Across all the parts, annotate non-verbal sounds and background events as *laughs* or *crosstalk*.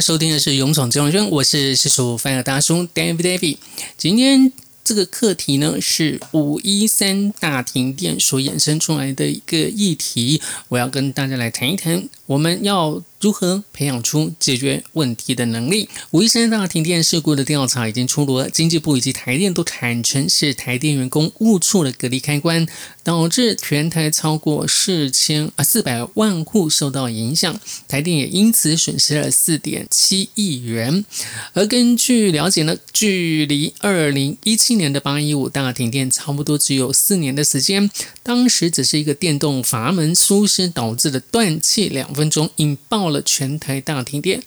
收聽的是《勇闖金融圈》，我是敘述發言的大叔 David David。今天這個課題呢，是五一三大停電所衍生出來的一個議題，我要跟大家來談一談，我們要，如何培養出解決問題的能力？五一三大停電事故的調查已經出爐了，經濟部以及台電都坦承，是台電員工誤觸了隔離開關，導致全台超過四千啊四百萬戶受到影響，台電也因此損失了四點七億元。而根據了解呢，距離二零一七年的八一五大停電差不多只有四年的時間，當時只是一個電動閥門疏失導致的斷氣兩分鐘，引爆。到了全台大停電，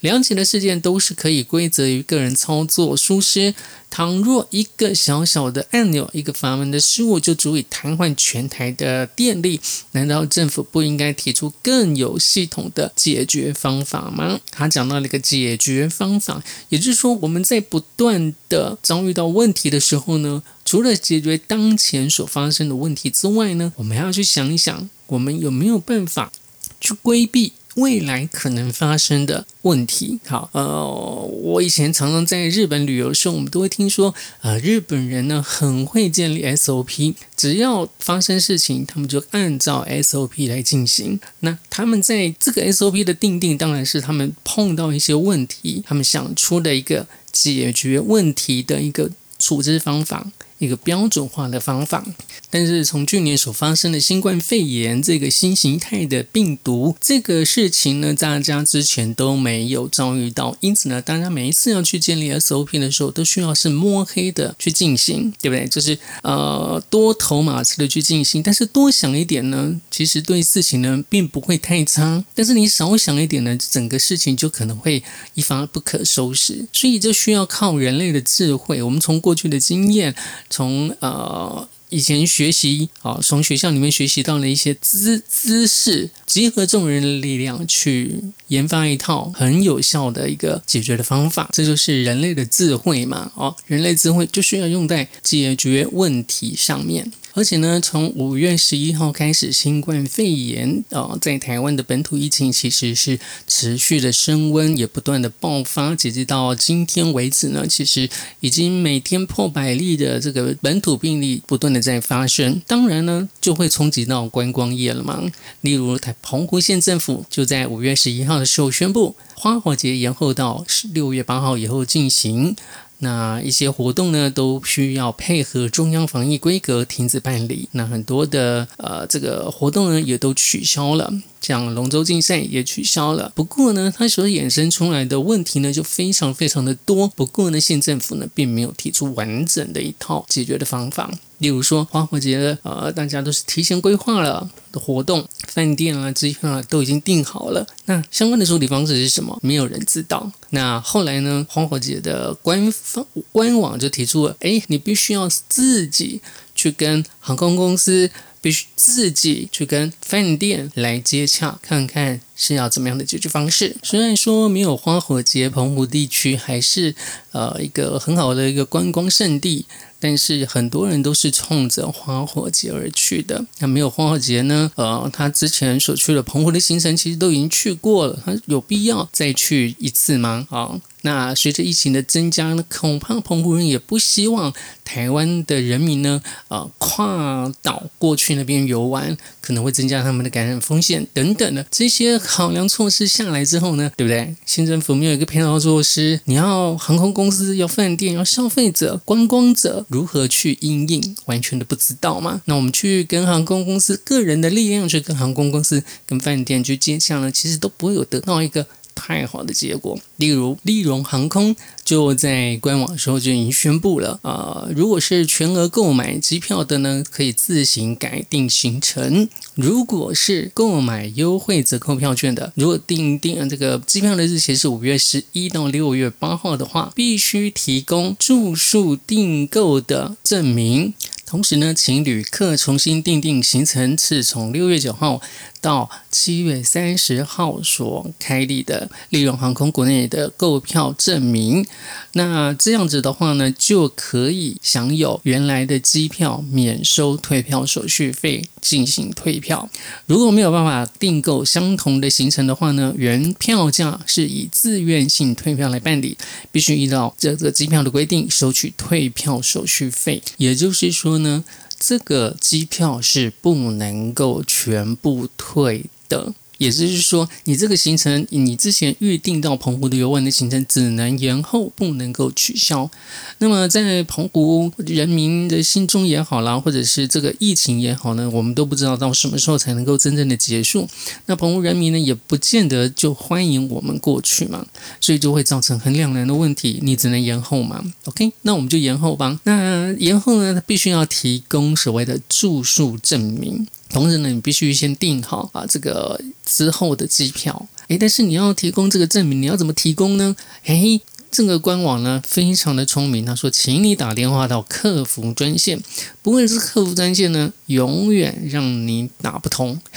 兩起的事件都是可以歸責於個人操作疏失。倘若一個小小的按鈕、一個閥門的失誤，就足以癱瘓全台的電力，難道政府不應該提出更有系統的解決方法嗎？他講到了一個解決方法，也就是說，我們在不斷的遭遇到問題的時候呢，除了解決當前所發生的問題之外呢，我們還要去想一想，我們有沒有辦法去規避。未來可能發生的問題，好，呃，我以前常常在日本旅遊時，我們都會聽說，呃，日本人呢很會建立 SOP，只要發生事情，他們就按照 SOP 來進行。那他們在這個 SOP 的制定，當然是他們碰到一些問題，他們想出的一個解決問題的一個處置方法。一個標準化的方法，但是從去年所發生的新冠肺炎這個新形態的病毒這個事情呢，大家之前都沒有遭遇到，因此呢，大家每一次要去建立 SOP 的時候，都需要是摸黑的去進行，對不對？就是呃多頭馬車的去進行，但是多想一點呢，其實對事情呢並不會太差，但是你少想一點呢，整個事情就可能會一發不可收拾，所以這需要靠人類的智慧。我們從過去的經驗。從呃。以前學習啊、哦，從學校裡面學習到了一些知知識，集合眾人的力量去研發一套很有效的一個解決的方法，這就是人類的智慧嘛！哦，人類智慧就需要用在解決問題上面。而且呢，從五月十一號開始，新冠肺炎啊、哦，在台灣的本土疫情其實是持續的升溫，也不斷的爆發，截止到今天為止呢，其實已經每天破百例的這個本土病例不斷的。在發生，當然呢，就會衝擊到觀光業了嘛。例如，台澎湖縣政府就在五月十一號的時候宣布，花火節延後到六月八號以後進行。那一些活動呢，都需要配合中央防疫規格停止辦理。那很多的呃，這個活動呢，也都取消了，像龍舟競賽也取消了。不過呢，它所衍生出來的問題呢，就非常非常的多。不過呢，縣政府呢，並沒有提出完整的一套解決的方法。例如說花火節，呃，大家都是提前規劃了的活動，飯店啊、機票啊都已經訂好了。那相關的處理方式是什麼？沒有人知道。那後來呢？花火節的官方官網就提出了，哎，你必須要自己去跟航空公司，必須自己去跟飯店來接洽，看看是要怎麼樣的解決方式。雖然說沒有花火節，澎湖地區還是呃一個很好的一個觀光勝地。但是很多人都是衝着花火節而去的。那沒有花火節呢？呃，他之前所去的澎湖的行程其實都已經去過了，他有必要再去一次嗎？啊那隨着疫情的增加呢，恐怕澎湖人也不希望台灣的人民呢，呃，跨島過去那邊遊玩，可能會增加他們的感染風險等等的這些考量措施下來之後呢，對不對？新政府沒有一個配套措施，你要航空公司、要飯店、要消費者、觀光者如何去因應，完全都不知道嘛。那我們去跟航空公司個人的力量去跟航空公司、跟飯店去接洽呢，其實都不會有得到一個。太好的結果，例如立榮航空就在官網的時候就已經宣布了啊、呃，如果是全額購買機票的呢，可以自行改訂行程；如果是購買優惠折扣票券的，如果訂定這個機票的日期是五月十一到六月八號的話，必須提供住宿訂購的證明。同時呢，請旅客重新訂定行程，是從六月九號到七月三十號所開立的立榮航空國內的購票證明，那這樣子的話呢，就可以享有原來的機票免收退票手續費進行退票。如果沒有辦法訂購相同的行程的話呢，原票價是以自願性退票來辦理，必須依照這個機票的規定收取退票手續費，也就是說。呢，這個機票是不能夠全部退的。也就是說，你這個行程，你之前預定到澎湖的遊玩的行程，只能延後，不能夠取消。那麼，在澎湖人民的心中也好啦，或者是這個疫情也好呢，我們都不知道到什麼時候才能夠真正的結束。那澎湖人民呢，也不見得就歡迎我們過去嘛，所以就會造成很兩難的問題，你只能延後嘛。OK，那我們就延後吧。那延後呢，它必須要提供所謂的住宿證明。同時呢，你必須先訂好啊這個之後的機票。哎、欸，但是你要提供這個證明，你要怎麼提供呢？哎、欸，這個官網呢，非常的聰明，他說，請你打電話到客服專線。不過這客服專線呢，永遠讓你打不通。 *laughs*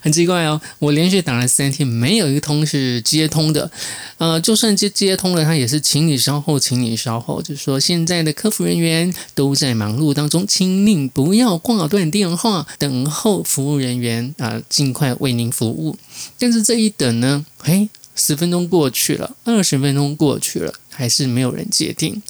很奇怪哦，我連續打了三天，沒有一通是接通的。呃，就算接接通了，他也是請你稍後，請你稍後，就說現在的客服人員都在忙碌當中，請您不要掛斷電話，等候服務人員啊、呃，盡快為您服務。但是這一等呢，誒，十分鐘過去了，二十分鐘過去了。還是沒有人接聽。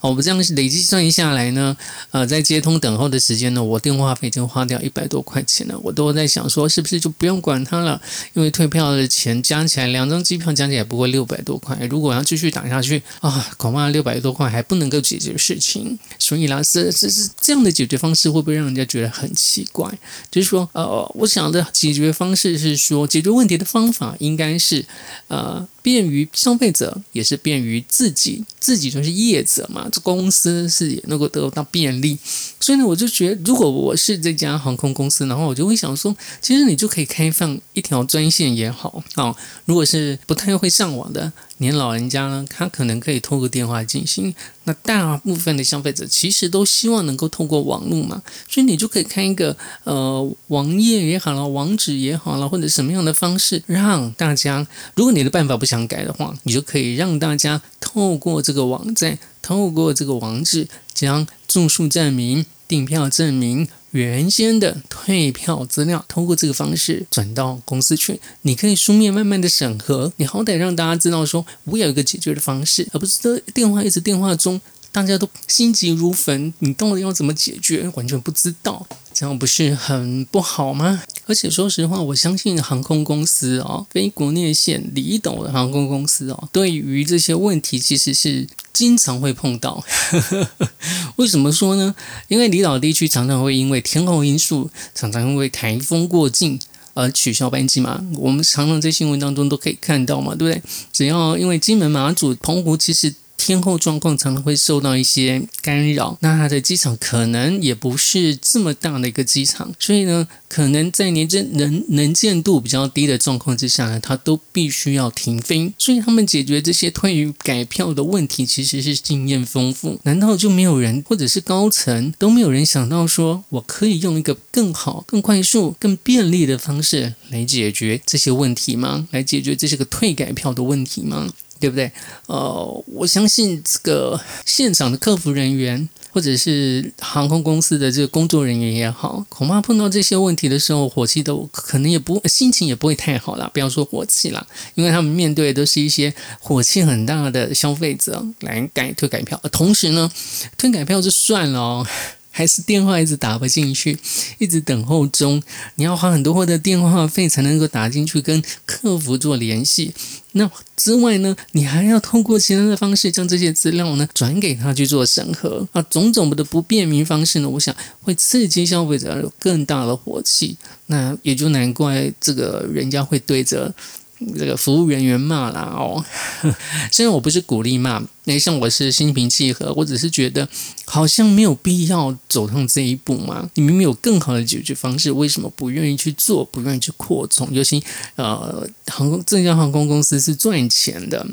好，我們這樣累計算一下來呢，呃，在接通等候的時間呢，我電話費已經花掉一百多塊錢了。我都在想說，是不是就不用管它了？因為退票的錢加起來，兩張機票加起來不過六百多塊。如果要繼續打下去啊，哦，恐怕六百多塊還不能夠解決事情。所以呢，是是是這樣的解決方式，會不會讓人家覺得很奇怪？就是說，呃，我想的解決方式是說，解決問題的方法應該是，呃。便於消費者，也是便於自己，自己就是業者嘛。這公司是也能夠得到便利，所以呢，我就覺得，如果我是這家航空公司，然後我就會想說，其實你就可以開放一條專線也好啊，哦，如果是不太會上網的。您老人家呢，他可能可以通過電話進行。那大部分的消費者其實都希望能夠透過網絡嘛，所以你就可以開一個呃網頁也好了，網址也好了，或者什麼樣的方式讓大家，如果你的辦法不想改的話，你就可以讓大家透過這個網站，透過這個網址，將住宿證明、訂票證明，原先的退票資料，通過這個方式轉到公司去，你可以書面慢慢的審核。你好歹讓大家知道說，說我有一個解決的方式，而不是電話一直電話中，大家都心急如焚，你到底要怎麼解決，完全不知道，這樣不是很不好嗎？而且說實話，我相信航空公司哦，非國內線、離島的航空公司哦，對於這些問題其實是經常會碰到。 *laughs* 為什麼說呢？因為離島地區常常會因為天候因素，常常因為颱風過境而取消班機嘛。我們常常在新聞當中都可以看到嘛，對不對？只要因為金門、馬祖、澎湖，其實。天候狀況常常會受到一些干擾，那它的機場可能也不是這麼大的一個機場，所以呢，可能在年真能能見度比較低的狀況之下呢，它都必須要停飛。所以他們解決這些退與改票的問題，其實是經驗豐富。難道就沒有人，或者是高層都沒有人想到說，我可以用一個更好、更快速、更便利的方式來解決這些問題嗎？來解決這些個退改票的問題嗎？對不對？呃，我相信這個現場的客服人員，或者是航空公司的這個工作人員也好，恐怕碰到這些問題的時候，火氣都可能也不，心情也不會太好啦。不要說火氣啦，因為他們面對的都是一些火氣很大的消費者來改退改票。呃，同時呢，退改票就算了哦。還是電話一直打不進去，一直等候中，你要花很多的電話費才能夠打進去跟客服做聯繫。那之外呢，你還要通過其他的方式將這些資料呢轉給他去做審核那、啊、種種的不便民方式呢，我想會刺激消費者有更大的火氣。那也就難怪這個人家會對着。這個服務人員罵啦，哦，雖然我不是鼓勵罵，那像我是心平氣和，我只是覺得好像沒有必要走上這一步嘛。你明明有更好的解決方式，為什麼不願意去做？不願意去擴充？尤其呃，航這家航空公司是賺錢的。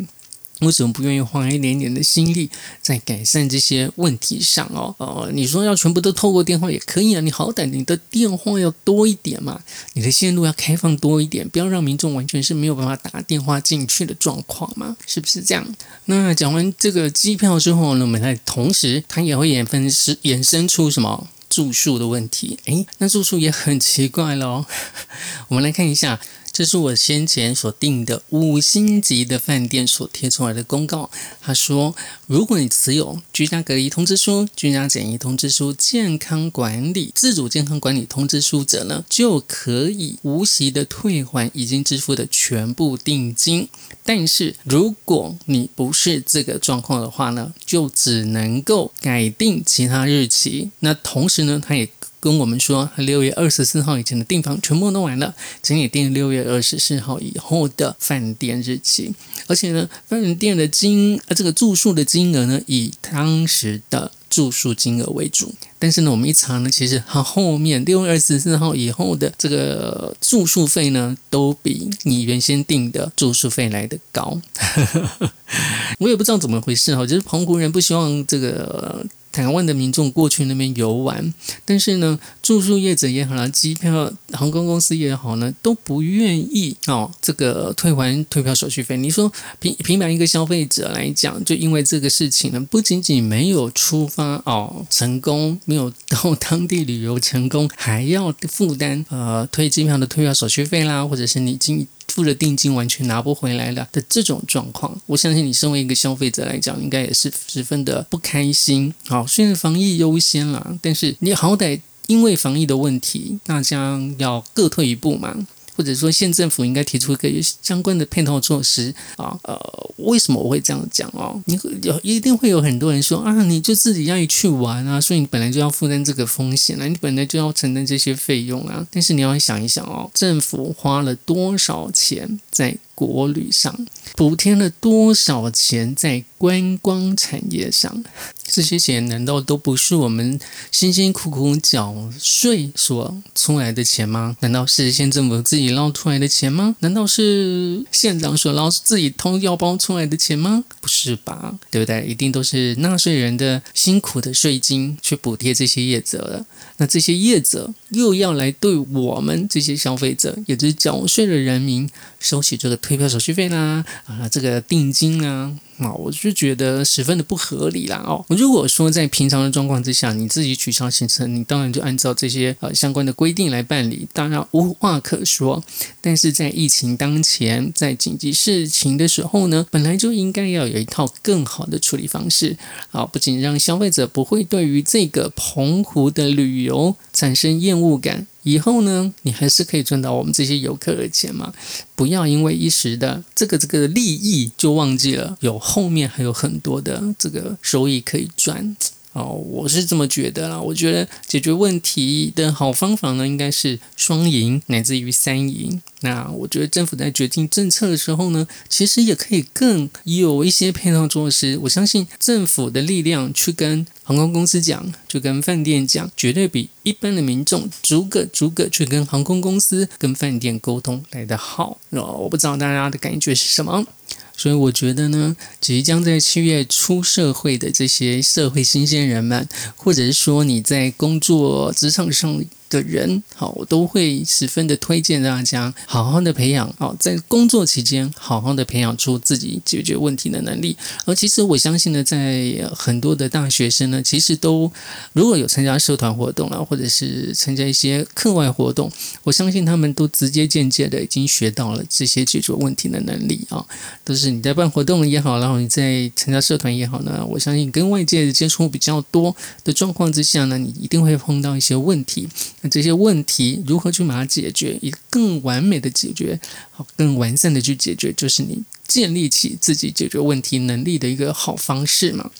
為什麼不願意花一點點的心力在改善這些問題上哦？哦，你說要全部都透過電話也可以啊，你好歹你的電話要多一點嘛，你的線路要開放多一點，不要讓民眾完全是沒有辦法打電話進去的狀況嘛，是不是這樣？那講完這個機票之後呢，我們再同時，它也會衍生衍生出什麼住宿的問題？哎，那住宿也很奇怪咯。 *laughs* 我們來看一下。這是我先前所訂的五星級的飯店所貼出來的公告。他說，如果你持有居家隔離通知書、居家檢疫通知書、健康管理自主健康管理通知書者呢，就可以無息的退還已經支付的全部定金。但是如果你不是這個狀況的話呢，就只能夠改訂其他日期。那同時呢，他也。跟我們說，六月二十四號以前的訂房全部弄完了，請你訂六月二十四號以後的飯店日期。而且呢，飯店的金這個住宿的金額呢，以當時的住宿金額為主。但是呢，我們一查呢，其實它後面六月二十四號以後的這個住宿費呢，都比你原先訂的住宿費來得高。 *laughs* 我也不知道怎麼回事哈，就是澎湖人不希望這個。台灣的民眾過去那邊遊玩，但是呢，住宿業者也好，機票航空公司也好呢，都不願意哦，這個退還退票手續費。你說平平凡一個消費者來講，就因為這個事情呢，不僅僅沒有出發哦，成功沒有到當地旅遊成功，還要負擔呃退機票的退票手續費啦，或者是你經。付了定金完全拿不回來了的這種狀況，我相信你身為一個消費者來講，應該也是十分的不開心。好，雖然防疫優先啦，但是你好歹因為防疫的問題，大家要各退一步嘛。或者說，縣政府應該提出一個相關的配套措施啊。呃，為什麼我會這樣講哦？你會有，一定會有很多人說啊，你就自己願意去玩啊，所以你本來就要負擔這個風險啊，你本來就要承擔這些費用啊。但是你要想一想哦，政府花了多少錢在？國旅上補貼了多少錢在觀光產業上？這些錢難道都不是我們辛辛苦苦繳稅所出來的錢嗎？難道是縣政府自己撈出來的錢嗎？難道是縣長所撈自己掏腰包出來的錢嗎？不是吧，對不對？一定都是納稅人的辛苦的稅金去補貼這些業者了。那這些業者又要來對我們這些消費者，也就是繳稅的人民，收取這個。退票手續費啦，啊，這個定金啊，啊，我就覺得十分的不合理啦哦。如果說在平常的狀況之下，你自己取消行程，你當然就按照這些呃相關的規定來辦理，當然無話可說。但是在疫情當前，在緊急事情的時候呢，本來就應該要有一套更好的處理方式啊、哦，不僅讓消費者不會對於這個澎湖的旅遊產生厭惡感。以後呢，你還是可以賺到我們這些遊客的錢嘛。不要因為一時的這個這個利益就忘記了，有後面還有很多的這個收益可以賺。哦，我是這麼覺得啦。我覺得解決問題的好方法呢，應該是雙贏乃至於三贏。那我覺得政府在決定政策的時候呢，其實也可以更有一些配套措施。我相信政府的力量去跟航空公司講，去跟飯店講，絕對比一般的民眾逐個逐個去跟航空公司、跟飯店溝通來得好。哦，我不知道大家的感覺是什麼。所以我覺得呢，即將在七月初社會的這些社會新鮮人們，或者是說你在工作職場上的人，好，我都會十分的推薦大家好好的培養哦，在工作期間好好的培養出自己解決問題的能力。而其實我相信呢，在很多的大學生呢，其實都如果有參加社團活動啊，或者是參加一些課外活動，我相信他們都直接間接的已經學到了這些解決問題的能力啊，哦，都是你在辦活動也好，然後你在參加社團也好呢，我相信跟外界的接觸比較多的狀況之下呢，你一定會碰到一些問題。這些問題如何去把它解決？一個更完美的解決，好，更完善的去解決，就是你建立起自己解決問題能力的一個好方式嘛。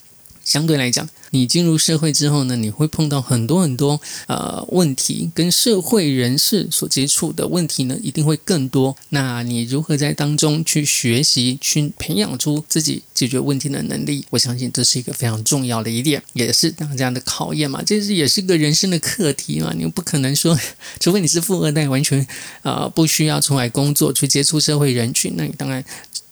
相對來講，你進入社會之後呢，你會碰到很多很多呃問題，跟社會人士所接觸的問題呢，一定會更多。那你如何在當中去學習、去培養出自己解決問題的能力？我相信這是一個非常重要的一點，也是大家的考驗嘛。這是也是個人生的課題嘛。你不可能說，除非你是富二代，完全呃不需要出來工作去接觸社會人群，那你當然，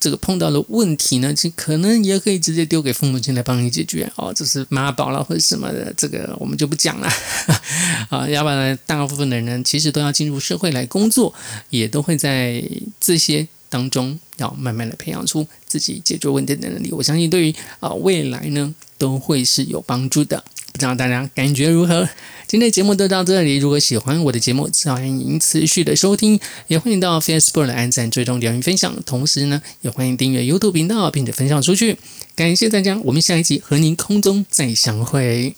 這個碰到了問題呢，其實可能也可以直接丟給父母親來幫你解決哦，這是媽寶了或者什麼的，這個我們就不講了 *laughs* 啊。要不然大部分的人其實都要進入社會來工作，也都會在這些當中要慢慢的培養出自己解決問題的能力。我相信對於啊未來呢，都會是有幫助的。不知道大家感覺如何？今天的節目就到這裡。如果喜歡我的節目，歡迎您持續的收聽，也歡迎到 Facebook 來按讚、追蹤、留言、分享。同時呢，也歡迎訂閱 YouTube 頻道，並且分享出去。感謝大家，我們下一集和您空中再相會。